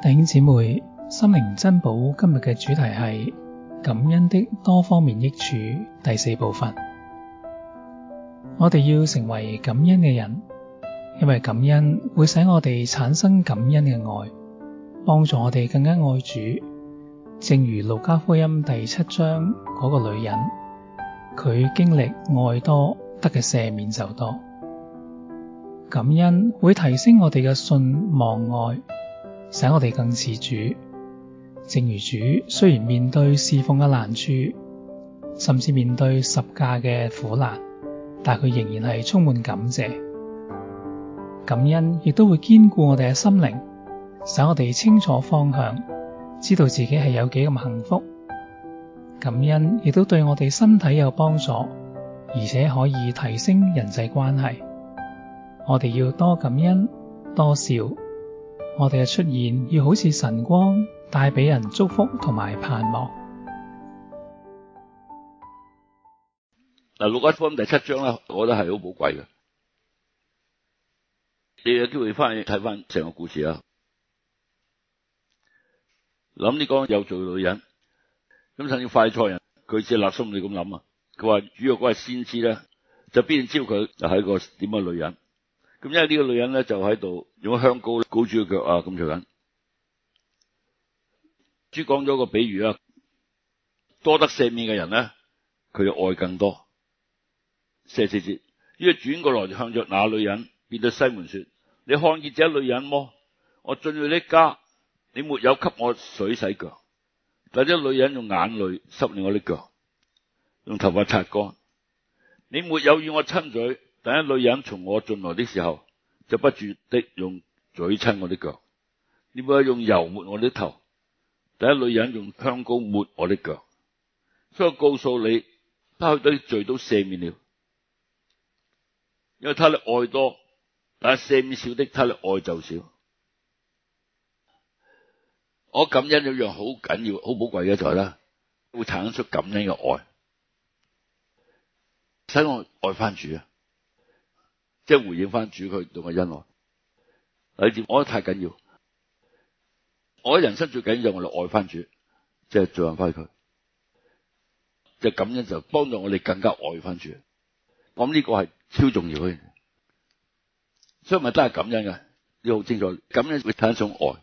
弟兄姊妹，心靈珍寶今日嘅主題係感恩的多方面益處，第四部分。我哋要成為感恩嘅人，因為感恩會使我哋產生感恩嘅愛，幫助我哋更加愛主。正如路加福音第七章嗰個女人，佢經歷愛多得嘅赦免就多。感恩會提升我哋嘅信望愛。使我哋更似主，正如主雖然面對侍奉嘅難處，甚至面對十架嘅苦難，但佢仍然係充滿感謝。感恩亦都會堅固我哋嘅心靈，使我哋清楚方向，知道自己係有幾咁幸福。感恩亦都對我哋身體有幫助，而且可以提升人際關係。我哋要多感恩，多笑。我哋嘅出現要好似晨光，帶俾人祝福同埋盼望。嗱，路加福音第七章咧，我覺得係好寶貴嘅。你有機會翻去睇翻成個故事啊。諗呢講有做的女人，咁甚至快菜人，佢只係立心你咁諗啊。佢話主要嗰個先知咧，就必然知道佢係一個點嘅女人。咁因為呢個女人咧，就喺度用香膏膏住個腳啊，咁做緊。主講咗個比喻啊：「多得赦免嘅人咧，佢嘅愛更多。四四節，於是轉過來向着那女人，便對西門說：你看見這女人麼？我進去呢家，你沒有給我水洗腳，但啲女人用眼淚濕了我啲腳，用頭髮擦乾，你沒有與我親嘴。但這女人從我進來的時候，就不住的用嘴親我的腳，點解用油抹我的頭，但這女人用香膏抹我的腳。所以我告訴你，他啲罪都赦免了，因為他嘅愛多，但赦免少的，他嘅愛就少。我感恩一樣好緊要、好寶貴嘅就係啦，會產生出感恩嘅愛，使我愛翻主啊！即係回應翻主佢對我嘅恩愛，你點？我覺得太緊要。我覺得人生最緊要我哋愛翻主，即係做翻佢，即係感恩就幫助我哋更加愛翻主。我諗呢個係超重要嘅，所以咪都係感恩嘅。你好清楚，感恩會產生愛。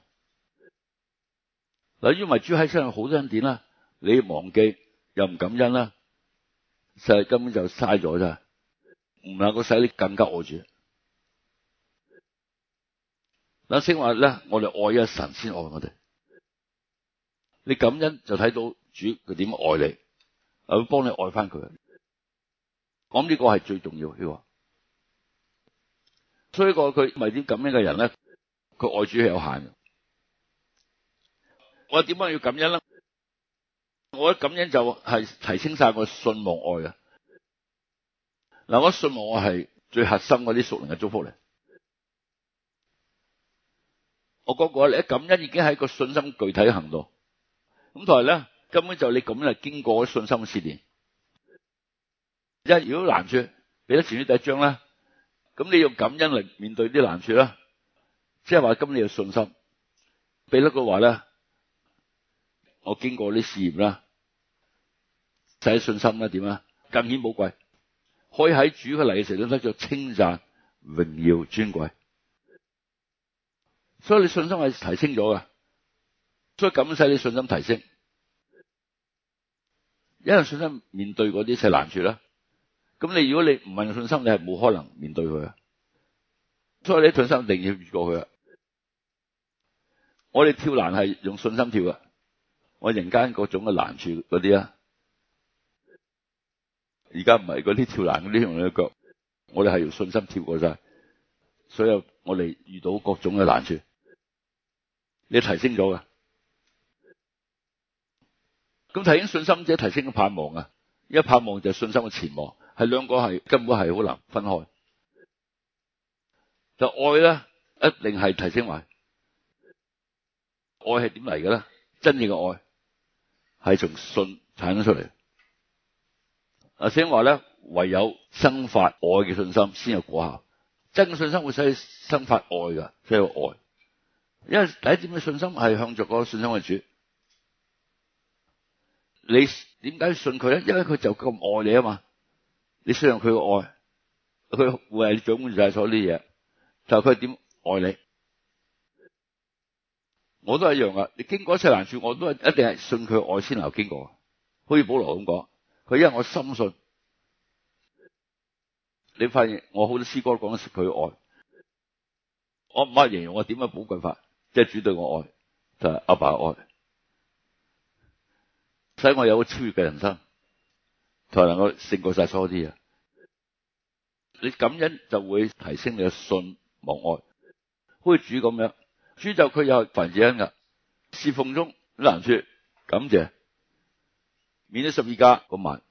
嗱，因為主喺身上好多恩典啦，你忘記又唔感恩啦，實係根本就嘥咗咋。唔能夠使你更加愛主，嗱先話咧，我哋愛一神先愛我哋，你感恩就睇到主佢點愛你，又幫你愛翻佢，咁呢個係最重要嘅。所以個佢咪啲點感恩嘅人咧，佢愛主係有限嘅。我點解要感恩咧？我感恩就係提升晒個信望愛嘅。嗱，我信望我係最核心嗰啲屬靈嘅祝福咧。我講過咧，感恩已經係一個信心具體嘅行動。咁同埋咧，根本就你感恩係經過信心嘅試驗。一如果難處，俾咗前面第一章咧，咁你用感恩嚟面對啲難處啦，即係話今你有信心。俾咗句話咧，我經過啲試驗啦，使信心咧點啊？更顯寶貴。可以喺主嘅嚟嘅時候，都得做稱讚、榮耀、尊貴。所以你信心係提升咗嘅，所以感恩使你信心提升。因為信心面對嗰啲係難處啦，咁你如果你唔係信心，你係冇可能面對佢啊。所以你信心一定要越過去啊。我哋跳難係用信心跳嘅，我人間各種嘅難處嗰啲啊。而家唔係嗰啲跳欄嗰啲用你嘅腳，我哋係用信心跳過晒，所有我哋遇到各種嘅難處，你是提升咗噶。咁提升信心者提升咗盼望啊！一盼望就係信心嘅前望，係兩個係根本係好難分開。就愛咧，一定係提升埋。愛係點嚟嘅咧？真正嘅愛係從信產生出嚟。阿聖話咧，唯有生發愛嘅信心，先有果效。真信心會使要生發愛噶，需要愛。因為第一點嘅信心係向着個個信心嘅主。你點解信佢咧？因為佢就咁愛你啊嘛。你信任佢嘅愛，佢會係掌管晒所有啲嘢。就係佢點愛你？我都係一樣噶。你經過一切難處，我都係一定係信佢嘅愛先能夠經過。好似保羅咁講。佢因為我深信，你發現我好多詩歌講緊食佢愛，我唔係形容我點樣寶貴法，即係主對我愛，就係阿爸愛，使我有個超越嘅人生，才能夠勝過晒所啲啊！你感恩就會提升你嘅信望愛，好似主咁樣，主就佢有凡事恩噶，侍奉中難說感謝。免咗十二家嗰晚，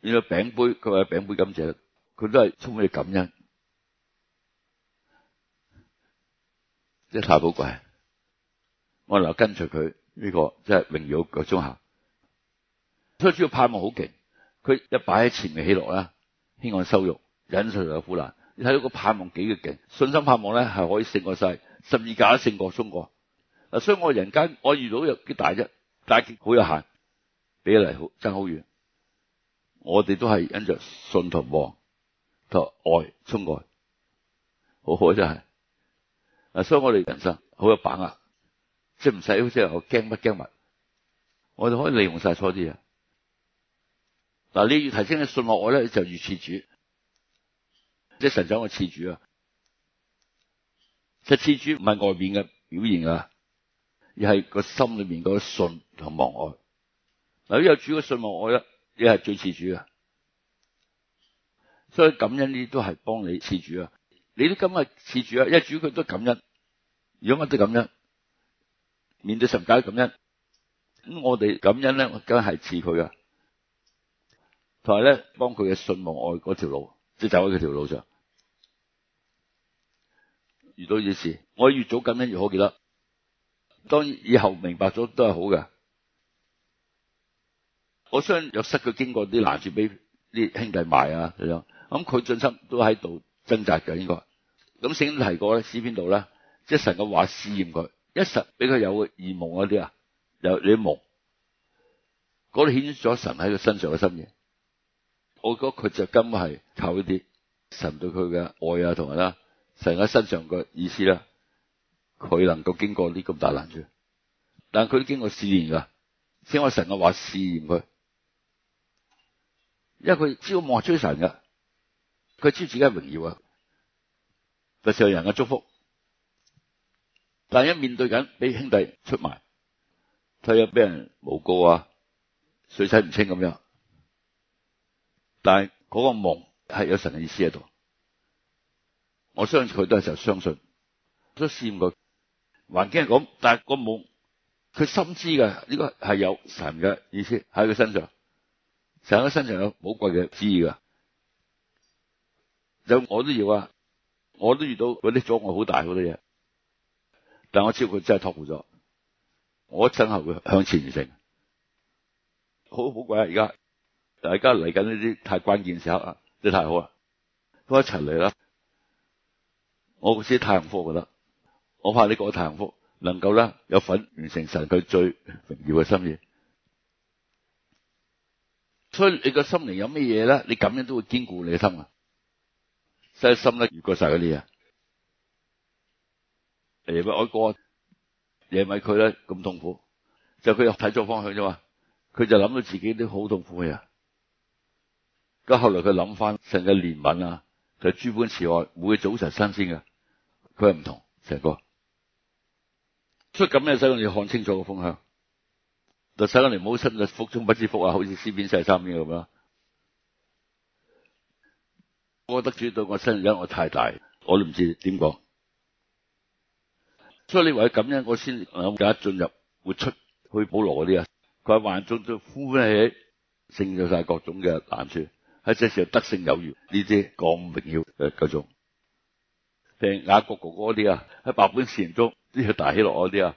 變咗餅杯，佢話餅杯感謝，佢都係充滿嘅感恩，即係太寶貴。我留跟隨佢呢個，即係榮耀嘅中孝。所以主要盼望好勁，佢一擺喺前面起落啦，謙和羞辱，忍受住苦難。你睇到個盼望幾嘅勁，信心盼望咧係可以勝過世，十二家，勝過中國。嗱，所以我人間我遇到有幾大啫，但係好有限。比嚟好爭好遠，我哋都係因着信同望同愛充滿，好好真係嗱，所以我哋人生好有很把握，即係唔使好似我驚乜驚物，我哋可以利用晒初啲嘢嗱，但你要提升嘅信和望愛咧，就如、是、似主，即係神掌我似主啊，即係似主唔係外面嘅表現啊，而係個心裏面嗰個信同望愛。有有主嘅信望愛，你係最似主嘅，所以感恩呢都係幫你似主啊！你都今日似主啊，因為主佢都感恩，如果我都感恩，面對神都感恩，咁我哋感恩咧，梗係似佢啊！同埋咧，幫佢嘅信望愛嗰條路，即係走喺佢條路上。遇到件事，我越早感恩越好，記得。當以後明白咗都係好嘅。我相信約瑟佢經過啲難處，俾啲兄弟賣啊，咁樣。咁佢內心都喺度掙扎嘅，應該。咁聖經提過咧，詩邊度咧？即係神嘅話試驗佢，一神俾佢有異夢嗰啲啊，有啲夢，嗰度顯咗神喺佢身上嘅心意。我覺得佢就根本係靠一啲神對佢嘅愛啊，同埋咧神喺身上嘅意思啦。佢能夠經過呢咁大難處，但佢經過試驗噶，因我神嘅話試驗佢。因為佢知道夢追神嘅，佢知自己係榮耀啊，佢受人嘅祝福，但係一面對緊，俾兄弟出賣，佢又俾人誣告啊，水洗唔清咁樣。但係個夢係有神嘅意思喺度，我相信佢都係時候相信，都試驗環境係咁，但係個夢，佢深知嘅呢個係有神嘅意思喺佢身上。成個身上有好貴嘅知噶，有我都要啊，我都遇到嗰啲阻礙好大好多嘢，但我超佢真係託付咗，我真係會向前完成，好好貴啊！而家，大家嚟緊呢啲太關鍵時候啊，真係太好啊，都一齊嚟啦！我先太幸福覺得，我怕你呢得太幸福能夠咧有份完成神佢最榮耀嘅心意。所以你個心靈有咩嘢咧？你咁樣都會堅固你嘅心啊！細心咧，越過晒嗰啲啊！耶咪哀歌，耶咪佢咧咁痛苦，就佢睇錯方向啫嘛！佢就諗到自己啲好痛苦嘅嘢，咁後來佢諗翻神嘅憐憫啊，就諸、是、般慈愛，每早晨新鮮嘅，佢係唔同成個。所以咁樣使到你要看清楚個方向。就使嗰你唔好身在福中不知福啊！好似詩篇細衫邊咁啦。我覺得主要對我身，因我太大，我都唔知點講。所以你話佢咁樣，我先有一進入會出去。保羅嗰啲啊，佢喺患中都呼喺聖勝咗曬各種嘅難處，喺這時候得勝有餘。呢啲講明嗰種譬如雅各哥哥嗰啲啊，喺百般試中呢要大喜樂嗰啲啊，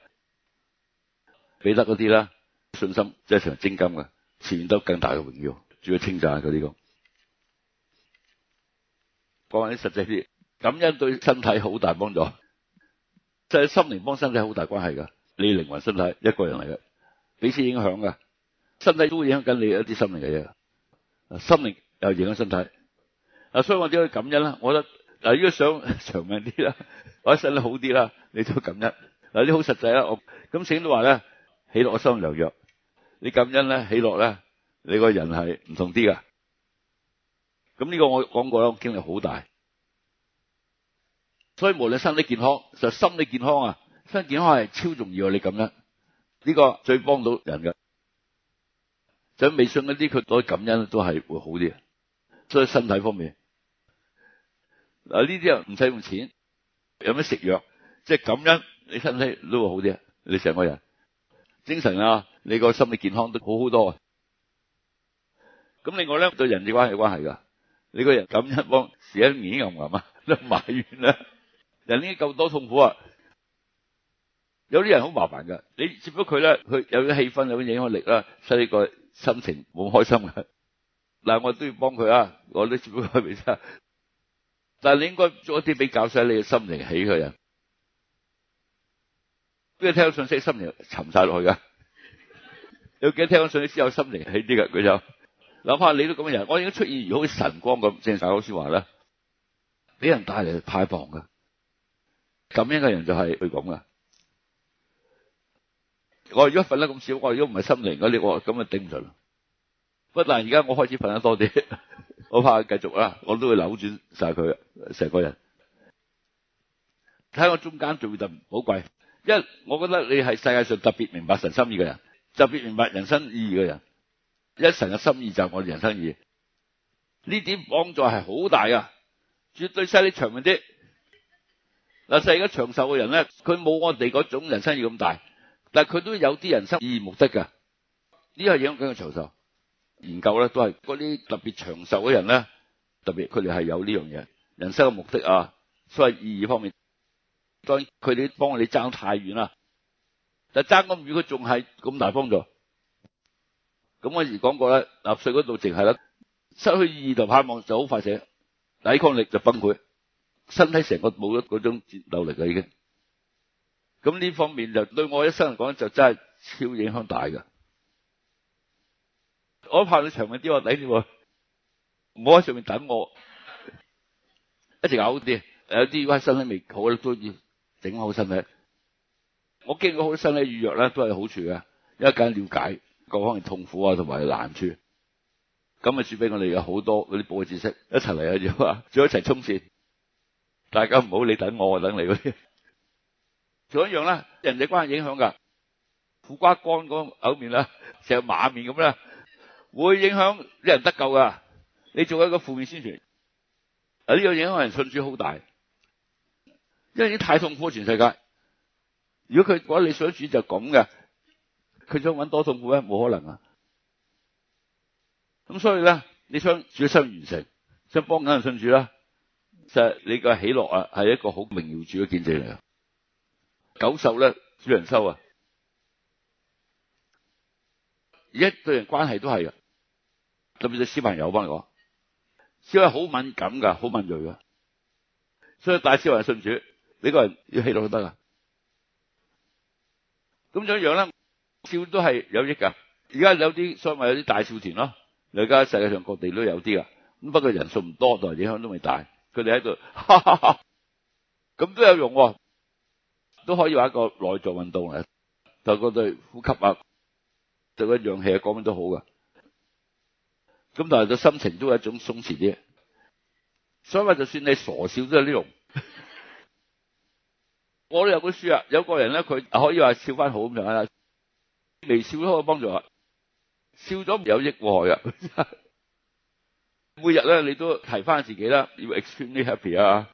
彼得嗰啲啦。信心即係成為精金嘅，實現得更大嘅榮耀，值得稱讚。佢呢個講翻啲實際啲，感恩對身體好大幫助，就係心靈幫身體好大關係噶。你靈魂、身體一個人嚟嘅，彼此影響噶，身體都會影響緊你一啲心靈嘅嘢。心靈又影響身體，嗱，所以我哋可以感恩啦。我覺得嗱，如果想長命啲啦，或者身體好啲啦，你都感恩嗱，啲好實際啦。我咁聖經都話咧，喜樂心良藥。你感恩咧，喜樂咧，你個人係唔同啲噶。咁、這、呢個我講過啦，我經歷好大。所以無論身體健康，就心理健康啊，身體健康係超重要的。你感恩，呢、這個最幫到人嘅。在、就是、微信嗰啲，佢多感恩都係會好啲。所以身體方面，嗱呢啲又唔使用錢，有咩食藥，即係感恩，你身體都會好啲，你成個人。精神啊，你個心理健康都好好多啊。咁另外咧，對人際關係有關係噶，你個人咁一幫時間已經咁啊，都埋怨啦。人已經夠多痛苦啊，有啲人好麻煩噶。你接咗佢咧，佢有啲氣氛，有啲影響力啦，所以個心情冇開心噶。嗱，我都要幫佢啊，我都接咗佢未？咋？但係你應該做啲俾攪使你嘅心靈起嘅人。邊個聽到信息，心靈沉晒落去噶？有幾多聽咗信息先有心靈起啲噶？佢就諗下，你都咁嘅人，我已經出現如好似晨光咁，正大老師話咧，俾人帶嚟，派房噶。咁樣嘅人就係佢講噶。我如果瞓得咁少，我如果唔係心靈嗰啲，我咁啊頂唔順。不，但係而家我開始瞓得多啲，我怕繼續啦，我都會扭轉晒佢成個人。睇我中間做就唔好貴。很貴一，我覺得你係世界上特別明白神心意嘅人，特別明白人生意義嘅人。一神嘅心意就係我哋人生意義，義呢點幫助係好大啊，絕對犀利長命啲。嗱，世而家長壽嘅人咧，佢冇我哋嗰種人生意義咁大，但係佢都有啲人生意義的目的㗎。呢個影響緊個長壽研究咧，都係啲特別長壽嘅人咧，特別佢哋係有呢樣嘢人生嘅目的啊，所謂意義方面。當佢哋幫我哋爭太遠啦，但係爭咁遠佢仲係咁大幫助。咁我而講過咧，納粹嗰度淨係啦，失去意義盼望就好快死，抵抗力就崩潰，身體成個冇咗嗰種戰鬥力啦已經。咁呢方面就對我一生嚟講就真係超影響大噶。我怕你長命啲，我抵你，我喺上面等我，一直嘔啲，有啲屈身體未好都。整好身體，我經過好多身體預約咧，都係好處嘅，因為咁樣了解各方面痛苦啊，同埋難處，咁啊，傳俾我哋有好多嗰啲保健知識，一齊嚟啊，要啊，仲一齊衝線，大家唔好你等我，我等你嗰啲，仲一,一樣啦，人際關係影響噶，苦瓜乾嗰口面啦，成馬面咁啦，會影響啲人得救噶，你做一個負面宣傳，啊、這、呢個影響人信主好大。因為啲太痛苦，全世界。如果佢覺得你想主就咁嘅，佢想揾多痛苦咧，冇可能啊。咁所以咧，你想主想完成，想幫緊人信主啦。就係你個喜樂啊，係一個好榮耀主嘅見證嚟啊。九受咧，主人收啊。一對人關係都係啊，特別係小朋友幫你講，小朋友好敏感噶，好敏銳噶，所以帶小朋友信主。呢個人要氣落去得噶，咁樣樣咧，笑都係有益噶。而家有啲所謂有啲大笑團咯，而家世界上各地都有啲噶，咁不過人數唔多，對影響都未大。佢哋喺度，哈哈哈哈，咁都有用喎，都可以話一個內在運動嚟，就嗰對呼吸啊，對個氧氣各方面都好噶。咁但係個心情都係一種鬆弛啲，所以話就算你傻笑都係呢種。我都有本書啊！有個人咧，佢可以話笑翻好咁樣啊。微笑都可以幫助啊。笑咗唔有益啊。每日咧你都提翻自己啦，要 extremely happy 啊！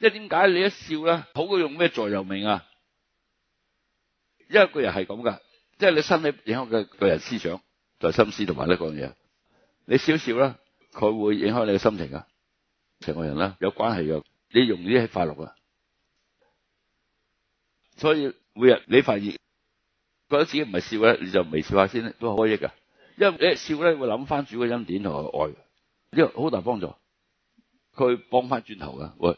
即係點解你一笑咧，好過用咩座右銘啊？因為個人係咁噶，即係你身體影響嘅個人思想，在、就是、心思同埋呢講嘢，你笑笑啦，佢會影響你嘅心情啊！成個人啦，有關係嘅，你容易係快樂啊。所以每日你發現覺得自己唔係笑咧，你就微笑下先，都可以噶。因為你笑咧會諗翻主嘅恩典同愛，呢個好大幫助。佢幫翻轉頭嘅喂。